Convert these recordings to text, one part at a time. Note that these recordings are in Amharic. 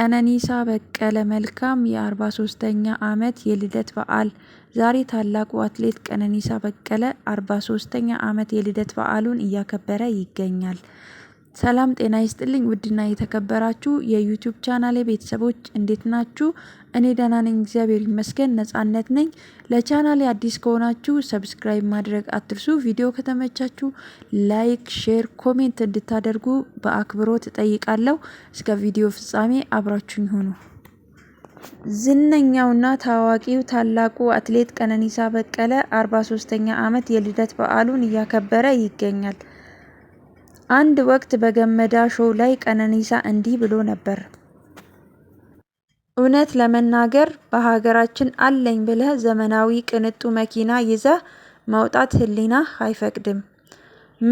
ቀነኒሳ በቀለ መልካም የ43ኛ ዓመት የልደት በዓል ዛሬ ታላቁ አትሌት ቀነኒሳ በቀለ 43ኛ ዓመት የልደት በዓሉን እያከበረ ይገኛል። ሰላም ጤና ይስጥልኝ። ውድና የተከበራችሁ የዩቲዩብ ቻናሌ ቤተሰቦች እንዴት ናችሁ? እኔ ደህና ነኝ፣ እግዚአብሔር ይመስገን። ነጻነት ነኝ። ለቻናሌ አዲስ ከሆናችሁ ሰብስክራይብ ማድረግ አትርሱ። ቪዲዮ ከተመቻችሁ ላይክ፣ ሼር፣ ኮሜንት እንድታደርጉ በአክብሮት እጠይቃለሁ። እስከ ቪዲዮ ፍጻሜ አብራችሁኝ ሆኑ። ዝነኛውና ታዋቂው ታላቁ አትሌት ቀነኒሳ በቀለ አርባ ሶስተኛ ዓመት የልደት በዓሉን እያከበረ ይገኛል። አንድ ወቅት በገመዳ ሾው ላይ ቀነኒሳ እንዲህ ብሎ ነበር። እውነት ለመናገር በሀገራችን አለኝ ብለህ ዘመናዊ ቅንጡ መኪና ይዘህ መውጣት ህሊና አይፈቅድም።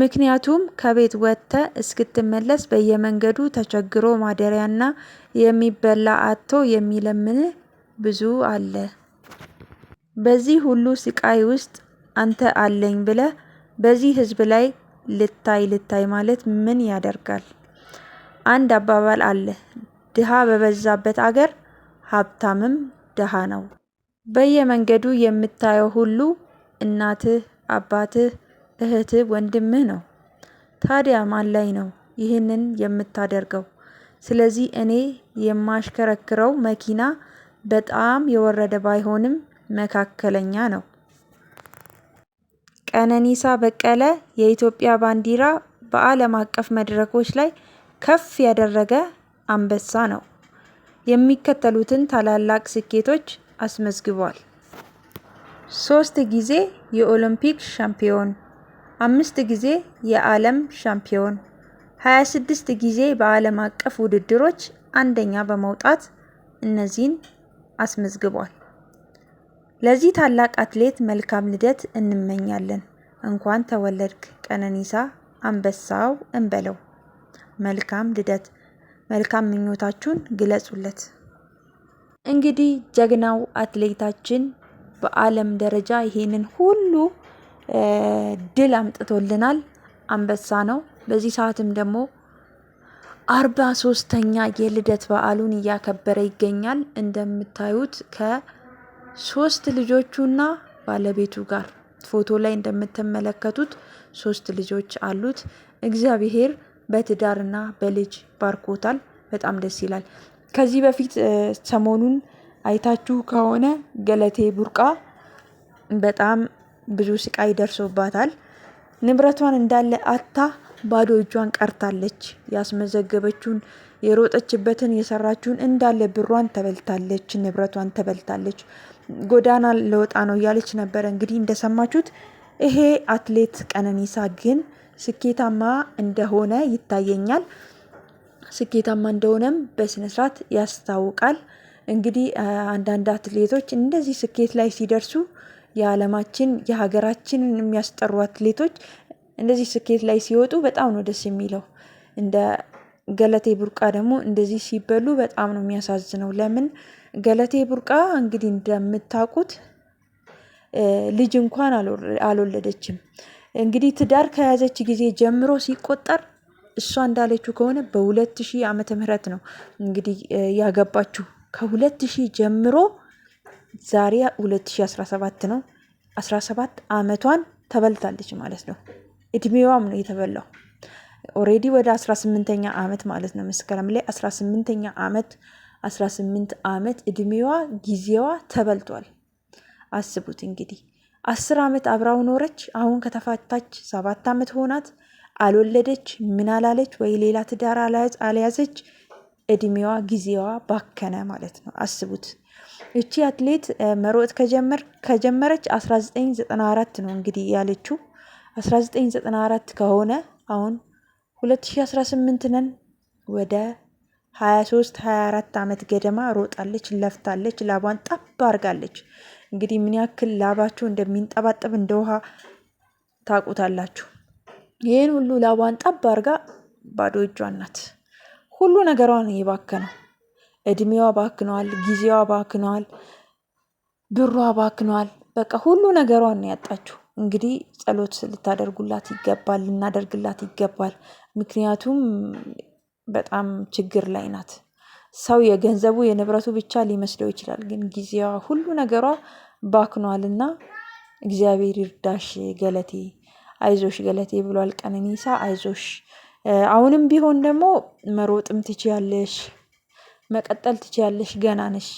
ምክንያቱም ከቤት ወጥተ እስክትመለስ በየመንገዱ ተቸግሮ ማደሪያና የሚበላ አጥቶ የሚለምን ብዙ አለ። በዚህ ሁሉ ስቃይ ውስጥ አንተ አለኝ ብለህ በዚህ ህዝብ ላይ ልታይ ልታይ ማለት ምን ያደርጋል? አንድ አባባል አለ፣ ድሃ በበዛበት አገር ሀብታምም ድሃ ነው። በየመንገዱ የምታየው ሁሉ እናትህ፣ አባትህ፣ እህትህ፣ ወንድምህ ነው። ታዲያ ማን ላይ ነው ይህንን የምታደርገው? ስለዚህ እኔ የማሽከረክረው መኪና በጣም የወረደ ባይሆንም መካከለኛ ነው። ቀነኒሳ በቀለ የኢትዮጵያ ባንዲራ በዓለም አቀፍ መድረኮች ላይ ከፍ ያደረገ አንበሳ ነው። የሚከተሉትን ታላላቅ ስኬቶች አስመዝግቧል። ሶስት ጊዜ የኦሎምፒክ ሻምፒዮን፣ አምስት ጊዜ የዓለም ሻምፒዮን፣ 26 ጊዜ በዓለም አቀፍ ውድድሮች አንደኛ በመውጣት እነዚህን አስመዝግቧል። ለዚህ ታላቅ አትሌት መልካም ልደት እንመኛለን። እንኳን ተወለድክ ቀነኒሳ አንበሳው እንበለው። መልካም ልደት። መልካም ምኞታችሁን ግለጹለት። እንግዲህ ጀግናው አትሌታችን በዓለም ደረጃ ይሄንን ሁሉ ድል አምጥቶልናል። አንበሳ ነው። በዚህ ሰዓትም ደግሞ አርባ ሶስተኛ የልደት በዓሉን እያከበረ ይገኛል። እንደምታዩት ከ ሶስት ልጆቹና ባለቤቱ ጋር ፎቶ ላይ እንደምትመለከቱት ሶስት ልጆች አሉት። እግዚአብሔር በትዳርና በልጅ ባርኮታል። በጣም ደስ ይላል። ከዚህ በፊት ሰሞኑን አይታችሁ ከሆነ ገለቴ ቡርቃ በጣም ብዙ ስቃይ ደርሶባታል። ንብረቷን እንዳለ አታ ባዶ እጇን ቀርታለች። ያስመዘገበችውን የሮጠችበትን የሰራችውን እንዳለ ብሯን ተበልታለች፣ ንብረቷን ተበልታለች። ጎዳና ለወጣ ነው እያለች ነበረ። እንግዲህ እንደሰማችሁት ይሄ አትሌት ቀነኒሳ ግን ስኬታማ እንደሆነ ይታየኛል። ስኬታማ እንደሆነም በስነስርዓት ያስታውቃል። እንግዲህ አንዳንድ አትሌቶች እንደዚህ ስኬት ላይ ሲደርሱ የዓለማችን የሀገራችንን የሚያስጠሩ አትሌቶች እንደዚህ ስኬት ላይ ሲወጡ በጣም ነው ደስ የሚለው እንደ ገለቴ ቡርቃ ደግሞ እንደዚህ ሲበሉ በጣም ነው የሚያሳዝነው። ለምን ገለቴ ቡርቃ እንግዲህ እንደምታውቁት ልጅ እንኳን አልወለደችም። እንግዲህ ትዳር ከያዘች ጊዜ ጀምሮ ሲቆጠር እሷ እንዳለችው ከሆነ በሁለት ሺህ ዓመተ ምህረት ነው እንግዲህ ያገባችሁ ከሁለት ሺህ ጀምሮ ዛሬ 2017 ነው። ሰባት ዓመቷን ተበልታለች ማለት ነው። እድሜዋም ነው የተበላው። ኦሬዲ ወደ 18ኛ ዓመት ማለት ነው። መስከረም ላይ 18ኛ ዓመት 18 ዓመት እድሜዋ ጊዜዋ ተበልጧል። አስቡት እንግዲህ አስር ዓመት አብራው ኖረች። አሁን ከተፋታች ሰባት ዓመት ሆናት። አልወለደች፣ ምን አላለች፣ ወይ ሌላ ትዳር አልያዘች። እድሜዋ ጊዜዋ ባከነ ማለት ነው። አስቡት እቺ አትሌት መሮጥ ከጀመረች 1994 ነው እንግዲህ ያለችው 1994 ከሆነ አሁን 2018 ነን ወደ 23 24 ዓመት ገደማ ሮጣለች፣ ለፍታለች፣ ላቧን ጠብ አርጋለች። እንግዲህ ምን ያክል ላባቸው እንደሚንጠባጠብ እንደ ውሃ ታውቁታላችሁ። ይህን ሁሉ ላቧን ጠብ አድርጋ ባዶ እጇን ናት። ሁሉ ነገሯን የባከነው እድሜዋ ባክነዋል፣ ጊዜዋ ባክነዋል፣ ብሯ ባክነዋል። በቃ ሁሉ ነገሯን ያጣችሁ እንግዲህ ጸሎት ልታደርጉላት ይገባል፣ ልናደርግላት ይገባል። ምክንያቱም በጣም ችግር ላይ ናት። ሰው የገንዘቡ የንብረቱ ብቻ ሊመስለው ይችላል፣ ግን ጊዜዋ ሁሉ ነገሯ ባክኗልና እግዚአብሔር ይርዳሽ ገለቴ፣ አይዞሽ ገለቴ ብሏል ቀነኒሳ። አይዞሽ አሁንም ቢሆን ደግሞ መሮጥም ትችያለሽ፣ መቀጠል ትችያለሽ፣ ገና ነሽ።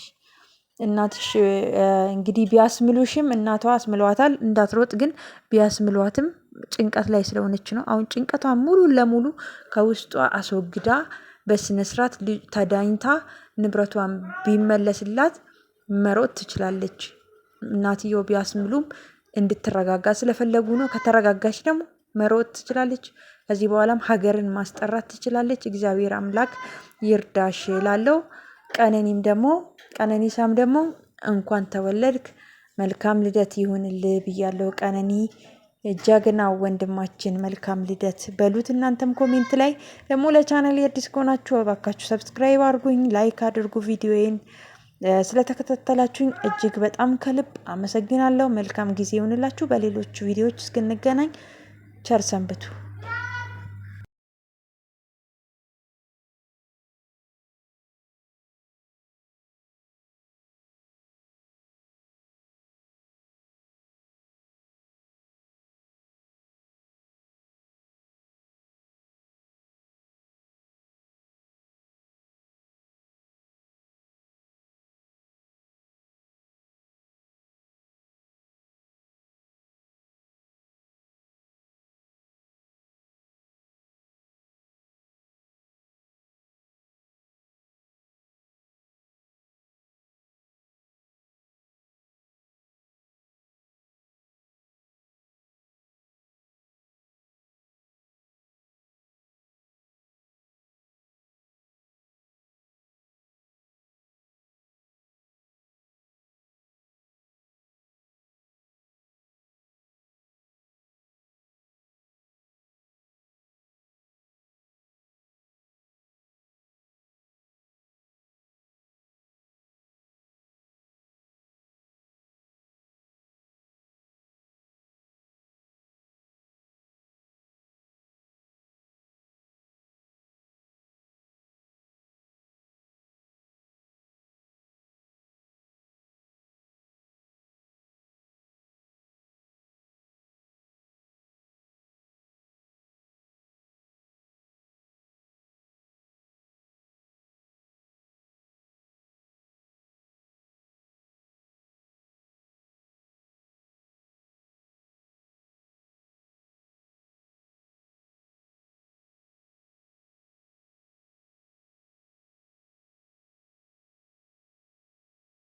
እናትሽ እንግዲህ ቢያስምሉሽም እናቷ አስምሏታል። እንዳትሮጥ ግን ቢያስምሏትም ጭንቀት ላይ ስለሆነች ነው። አሁን ጭንቀቷ ሙሉ ለሙሉ ከውስጧ አስወግዳ በስነስርዓት ተዳኝታ ንብረቷን ቢመለስላት መሮጥ ትችላለች። እናትየው ቢያስምሉም እንድትረጋጋ ስለፈለጉ ነው። ከተረጋጋች ደግሞ መሮጥ ትችላለች። ከዚህ በኋላም ሀገርን ማስጠራት ትችላለች። እግዚአብሔር አምላክ ይርዳሽ ላለው ቀነኒም ደግሞ ቀነኒሳም ደግሞ እንኳን ተወለድክ መልካም ልደት ይሁንልህ ብያለሁ። ቀነኒ ጀግናው ወንድማችን መልካም ልደት በሉት። እናንተም ኮሜንት ላይ ደግሞ ለቻናል የአዲስ ከሆናችሁ እባካችሁ ሰብስክራይብ አድርጉኝ፣ ላይክ አድርጉ ቪዲዮዬን። ስለተከታተላችሁኝ እጅግ በጣም ከልብ አመሰግናለሁ። መልካም ጊዜ ይሁንላችሁ። በሌሎች ቪዲዮዎች እስክንገናኝ ቸር ሰንብቱ።